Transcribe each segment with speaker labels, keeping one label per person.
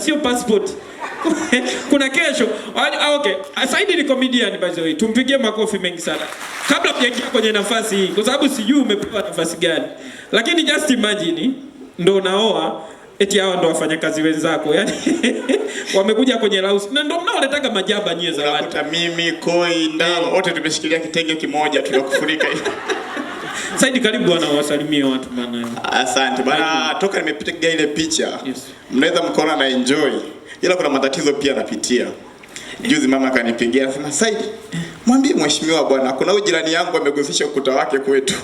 Speaker 1: Sio passport. Kuna kesho. Yaani, ah, Okay. Saidi ni comedian by the way. Tumpigie makofi mengi sana. Kabla hujaingia kwenye nafasi hii kwa sababu sijui umepewa nafasi gani. Lakini just imagine ndo unaoa eti hawa ndo wafanyakazi wenzako. yani. wamekuja kwenye house. Na ndo mnaoletaka majaba nyewe za
Speaker 2: watu. Mimi Koi ndao wote tumeshikilia kitenge kimoja tunakufurika hivi.
Speaker 1: Saidi, karibu bwana, wasalimie watu bwana.
Speaker 2: Asante bwana, toka nimepiga ile picha yes. Mnaweza mkaona na enjoy, ila kuna matatizo pia napitia. Juzi mama kanipigia sema, Saidi, mwambie mheshimiwa bwana, kuna huyu jirani yangu amegusisha ukuta wake kwetu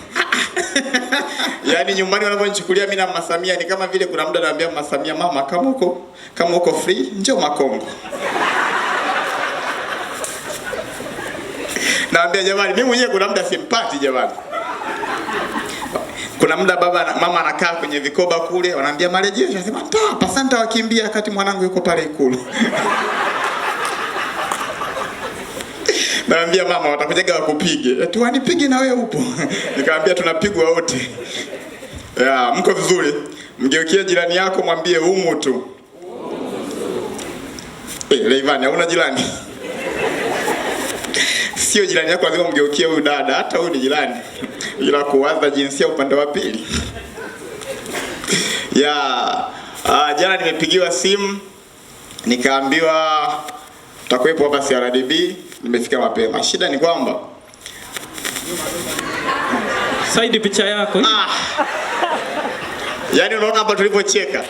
Speaker 2: Yaani nyumbani wanavyonichukulia mimi na Mama Samia ni kama vile kuna muda naambia Mama Samia, mama, kama uko kama uko free njoo Makongo. Naambia jamani, mimi mwenyewe kuna muda simpati jamani. Kuna muda baba na mama anakaa kwenye vikoba kule, wanaambia marejesho, anasema ta pasanta wakimbia, wakati mwanangu yuko pale Ikulu. Naambia mama, watakujaga wakupige, eh, tu wanipige na wewe upo. Nikamwambia tunapigwa wote. Ya, mko vizuri. Mgeukie jirani yako mwambie umutu. Eh, Leivani, hauna jirani? sio jirani yako, lazima mgeukie huyu dada, hata huyu ni jirani, ila kuwaza jinsia upande wa pili ya yeah. Jana nimepigiwa simu nikaambiwa takuwepo hapa CRDB, nimefika mapema. Shida ni kwamba
Speaker 1: Saidi, picha yako ah.
Speaker 2: Yaani unaona hapa tulipocheka,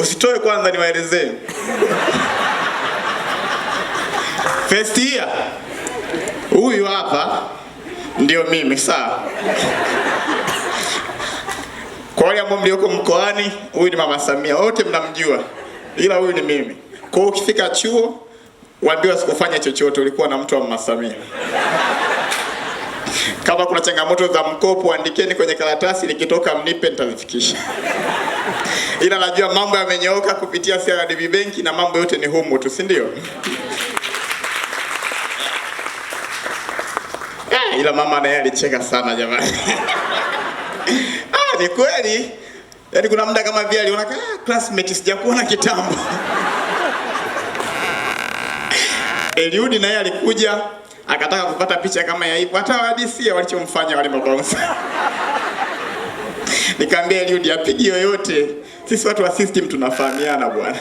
Speaker 2: usitoe kwanza niwaelezee first year huyu hapa ndio mimi sawa. Kwa wale ambao mlioko mkoani, huyu ni mama Samia, wote mnamjua, ila huyu ni mimi. Kwa hiyo ukifika chuo waambiwa sikufanya chochote, ulikuwa na mtu wa mama Samia. Kama kuna changamoto za mkopo andikeni kwenye karatasi, nikitoka mnipe, nitazifikisha. Ila najua mambo yamenyooka kupitia CRDB benki na mambo yote ni humu tu, si ndio? ila mama naye alicheka sana jamani. Ah, ni kweli. Yaani kuna muda kama vile aliona ah, classmate sijakuona kitambo. Eliudi naye alikuja akataka kupata picha kama ya hivyo, hata wadisia walichomfanya wale mabounce. Nikaambia Eliudi apige yoyote, sisi watu wa system tunafahamiana bwana.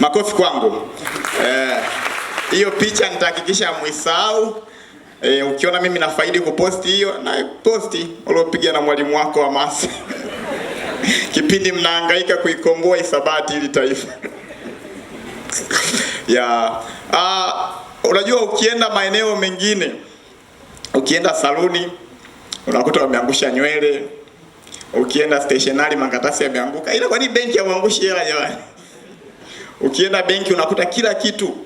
Speaker 2: Makofi kwangu. Eh, hiyo picha nitahakikisha muisahau. E, ukiona mimi nafaidi kuposti hiyo na posti uliopiga na mwalimu wako masi kipindi mnahangaika kuikomboa isabati ili taifa ya yeah. Unajua, ukienda maeneo mengine, ukienda saluni unakuta wameangusha nywele, ukienda stationari makatasi yameanguka, ila kwa nini benki hauangushi hela jamani? Ukienda benki unakuta kila kitu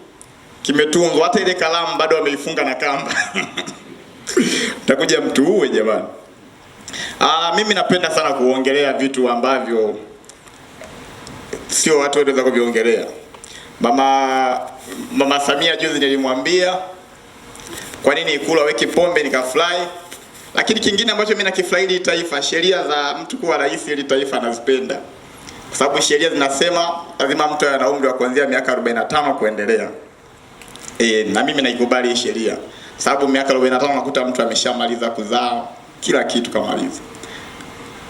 Speaker 2: kimetungwa, hata ile kalamu bado ameifunga na kamba takuja mtu uwe jamani. Aa, ah, mimi napenda sana kuongelea vitu ambavyo sio watu wanaweza kuviongelea. Mama Mama Samia juzi nilimwambia kwa nini Ikulu aweki pombe, nikafurahi. Lakini kingine ambacho mimi nakifurahi, hili taifa, sheria za mtu kuwa rais, ili taifa anazipenda. kwa sababu sheria zinasema lazima mtu ana umri wa kuanzia miaka 45 kuendelea e, na mimi naikubali hii sheria sababu miaka 45 nakuta mtu ameshamaliza kuzaa kila kitu kamaliza.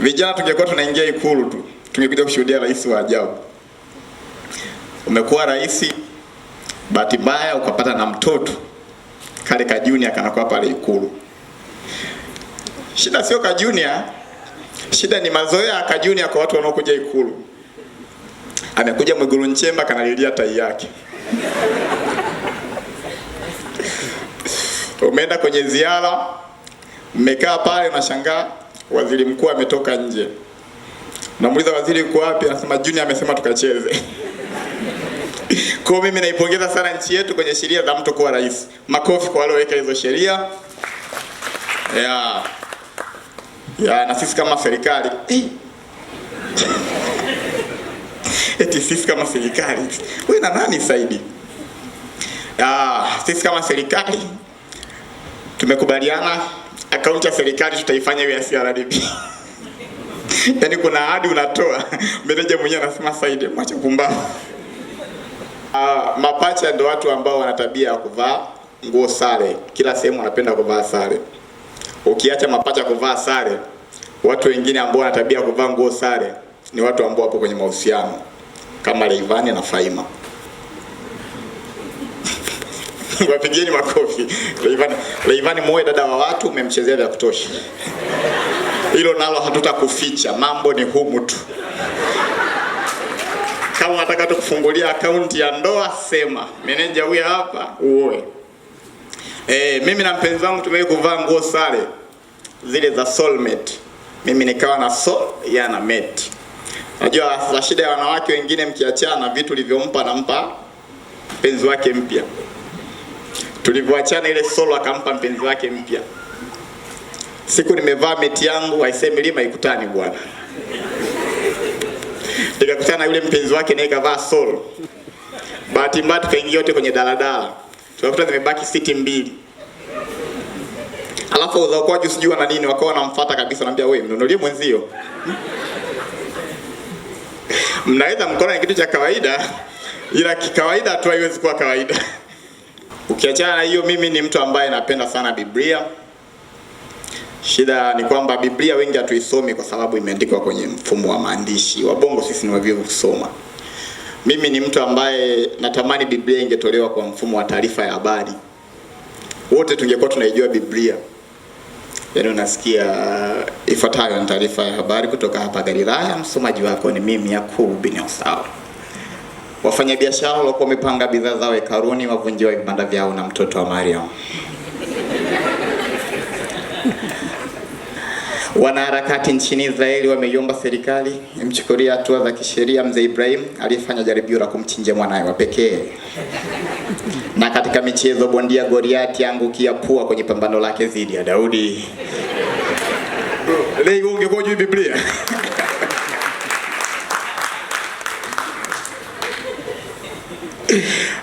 Speaker 2: Vijana tungekuwa tunaingia Ikulu tu tungekuja kushuhudia rais wa ajabu. Umekuwa rais, bahati mbaya ukapata na mtoto kale ka junior kanakuwa pale Ikulu. Shida sio ka junior, shida ni mazoea ka junior kwa watu wanaokuja Ikulu. Amekuja Mwigulu Nchemba kanalilia tai yake Umeenda kwenye ziara, mmekaa pale, nashangaa waziri mkuu ametoka nje. Namuuliza waziri, yuko wapi? Anasema Junior amesema tukacheze. Kwa mimi naipongeza sana nchi yetu kwenye sheria za mtu kuwa rais. Makofi kwa walioweka hizo sheria. Yeah. Yeah, na sisi kama serikali eti sisi kama serikali wewe na nani Saidi? Ah, sisi kama serikali tumekubaliana akaunti ya serikali tutaifanya iwe ya CRDB. Yaani kuna ahadi unatoa, meneja mwenyewe anasema Said mwacha pumbavu. Uh, mapacha ndio watu ambao wana tabia ya kuvaa nguo sare, kila sehemu wanapenda kuvaa sare. Ukiacha mapacha kuvaa sare, watu wengine ambao wana tabia ya kuvaa nguo sare ni watu ambao wapo kwenye mahusiano kama Leivani na Faima. wapigeni makofi. Rayvanny Muhe, dada wa watu, umemchezea vya kutosha, hilo nalo hatutakuficha, mambo ni humu tu. Kama unataka tukufungulia akaunti ya ndoa, sema meneja huyu hapa uoe. E, mimi na mpenzi wangu tumewahi kuvaa nguo sare zile za soulmate. Mimi nikawa na soul ya na mate. Najua sasa shida ya wanawake wengine, mkiachana vitu ulivyompa nampa mpenzi wake mpya. Tulivyoachana ile solo akampa mpenzi wake mpya. Siku nimevaa meti yangu aisee, milima ikutani bwana. Nikakutana na yule mpenzi wake naye kavaa solo. Bahati mbaya tukaingia yote kwenye daladala. Tukakuta zimebaki siti mbili. Alafu juu sijua na nini wakawa wanamfuata kabisa, naambia wewe mnunulie mwenzio. Mnaweza mkona ni kitu cha kawaida, ila kikawaida tu haiwezi kuwa kawaida. Ukiachana na hiyo, mimi ni mtu ambaye napenda sana Biblia. Shida ni kwamba Biblia wengi hatuisomi kwa sababu imeandikwa kwenye mfumo wa maandishi. Wabongo sisi ni wavivu kusoma. Mimi ni mtu ambaye natamani Biblia ingetolewa kwa mfumo wa taarifa ya habari, wote tungekuwa tunaijua Biblia. Yaani unasikia ifuatayo ni taarifa ya habari kutoka hapa Galilaya, msomaji wako ni mimi Yakubu bin Esau. Wafanyabiashara waliokuwa wamepanga bidhaa zao ekaruni wavunjiwa vibanda vyao na mtoto wa Mariam. Wanaharakati nchini Israeli wameiomba serikali imchukulie hatua za kisheria mzee Ibrahim aliyefanya jaribio la kumchinja mwanaye wa pekee. Na katika michezo, bondia Goriati angukia pua kwenye pambano lake dhidi ya Daudi. Leo ungekuwa juu Biblia.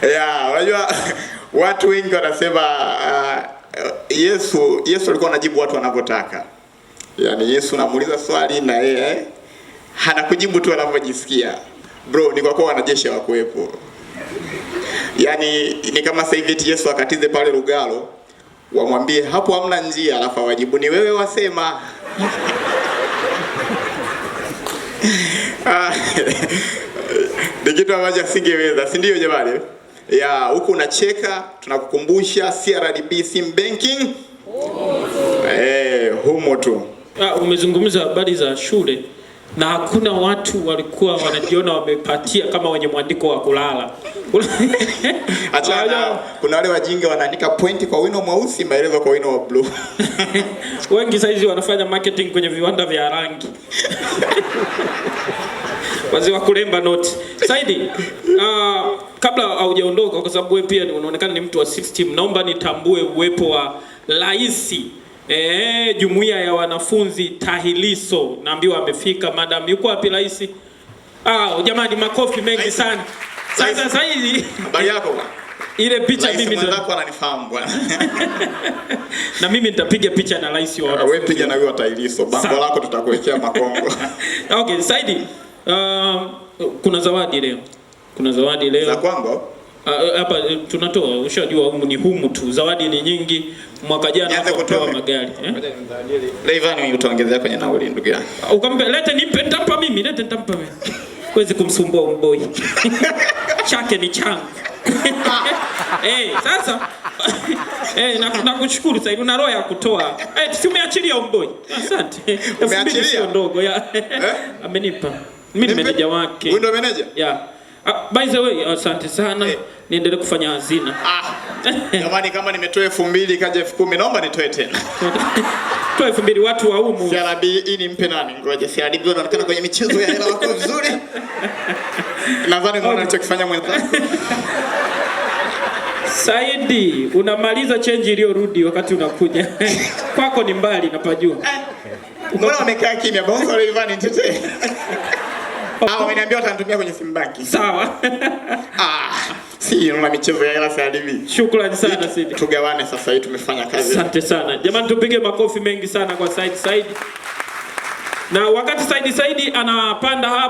Speaker 2: yeah, unajua watu wengi wanasema uh, Yesu Yesu alikuwa anajibu watu wanavyotaka. Yaani Yesu namuuliza swali na yeye anakujibu tu anavyojisikia. Bro, ni kwa kuwa wanajeshi hawakuwepo. Yaani ni kama sasa hivi Yesu akatize pale Lugalo wamwambie hapo hamna njia, alafu awajibu ni wewe wasema. Ah, ni kitu ambacho asingeweza, si ndio jamani? ya huku unacheka, tunakukumbusha CRDB Sim Banking eh, humo tu.
Speaker 1: Ah, umezungumza habari za shule na hakuna watu walikuwa wanajiona wamepatia kama wenye mwandiko wa kulala.
Speaker 2: Achana, kuna wale wajinga wanaandika pointi kwa wino mweusi, maelezo kwa wino wa blue.
Speaker 1: Wengi saizi wanafanya marketing kwenye viwanda vya rangi wazi wa kulemba noti. Saidi, uh, kabla haujaondoka, kwa sababu wewe pia unaonekana ni mtu wa system, naomba nitambue uwepo wa rais eh, jumuiya ya wanafunzi Tahiliso, Naambiwa amefika. Madam, yuko wapi rais? Ah, jamani, makofi mengi sana. Sasa sasa hivi habari yako ile picha laisi, mimi
Speaker 2: ndio nako ananifahamu bwana.
Speaker 1: Na mimi nitapiga picha na rais
Speaker 2: wa ah, wewe, piga na wewe Tahiliso. Bango lako tutakuwekea makongo.
Speaker 1: Okay, Saidi, uh, kuna zawadi leo. Kuna zawadi leo za kwangu ah, eh, hapa eh, tunatoa, ushajua humu ni humu tu, zawadi ni nyingi. Mwaka jana
Speaker 2: hapo kutoa magari eh, Rayvanny utaongezea kwenye nauli, ndugu yangu,
Speaker 1: ah, ukampe lete, nipe nitampa mimi, lete nitampa mimi, kwezi kumsumbua mboy chake ni changu eh, sasa eh, nakushukuru sasa, una roho ya kutoa eh, si umeachilia mboi, asante,
Speaker 2: umeachilia
Speaker 1: ndogo ya eh? amenipa mimi, ni meneja wake, wewe ndio meneja yeah Ah, by the way, asante sana eh. Niendelee kufanya hazina
Speaker 2: Ah. jamani. kama nimetoa elfu mbili kaja elfu kumi naomba nitoe tena
Speaker 1: toa elfu mbili watu wa humu
Speaker 2: CRB hii nimpe nani? Ngoja CRB anaonekana kwenye michezo ya hela wako vizuri nadhani ndio anachokifanya mwenzako
Speaker 1: Saidi, unamaliza change iliyorudi wakati unakuja kwako ni mbali napajua. Eh,
Speaker 2: mbona wamekaa kimya? Bongo Levan nitetee Ah, wameniambia watanitumia kwenye simu banki. Sawa. Ah, si una michezo ya hela sasa hivi.
Speaker 1: Shukrani sana Sidi.
Speaker 2: Tugawane sasa hivi tumefanya kazi.
Speaker 1: Asante sana. Jamani tupige makofi mengi sana kwa Said Said. Na wakati Said Said anapanda hapa